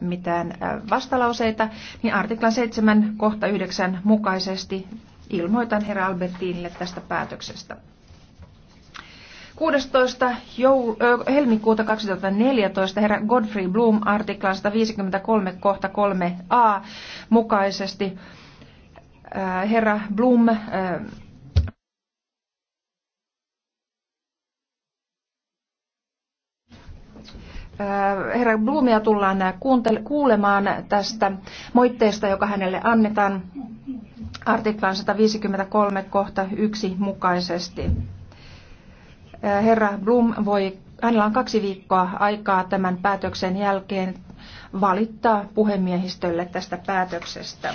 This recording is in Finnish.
mitään äh, vastalauseita, niin artiklan 7 kohta 9 mukaisesti ilmoitan herra Albertinille tästä päätöksestä. 16. Jou- helmikuuta 2014 herra Godfrey Bloom artiklan 153 kohta 3a mukaisesti äh, herra Bloom äh, Äh, herra Blumia tullaan äh, kuulemaan tästä moitteesta, joka hänelle annetaan artiklan 153 kohta 1 mukaisesti. Äh, herra Blum voi, hänellä on kaksi viikkoa aikaa tämän päätöksen jälkeen valittaa puhemiehistölle tästä päätöksestä.